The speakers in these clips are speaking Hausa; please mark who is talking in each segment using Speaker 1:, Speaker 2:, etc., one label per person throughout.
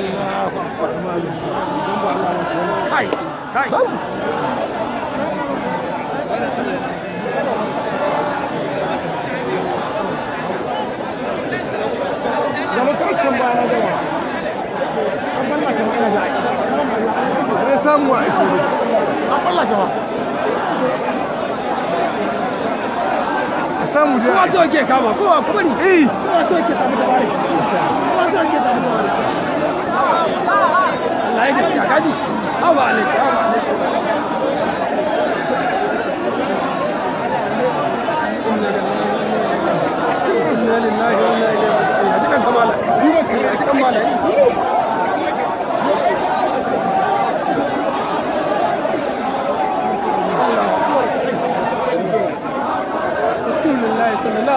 Speaker 1: Allahu akbar malam sa idan ba Allah ba kai kai babu da makarcin baya gaba an balla kama ina za samu a iso an balla samu da kuma so ke kama kuma kuma ni kuma so ke samu da bari kuma so ke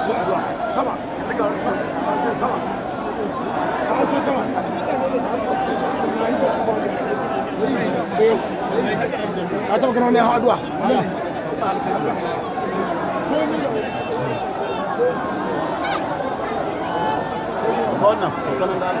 Speaker 1: السعداء سبعة أعتقد أنهم يهودوا واحد. قلنا قلنا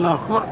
Speaker 1: 然后。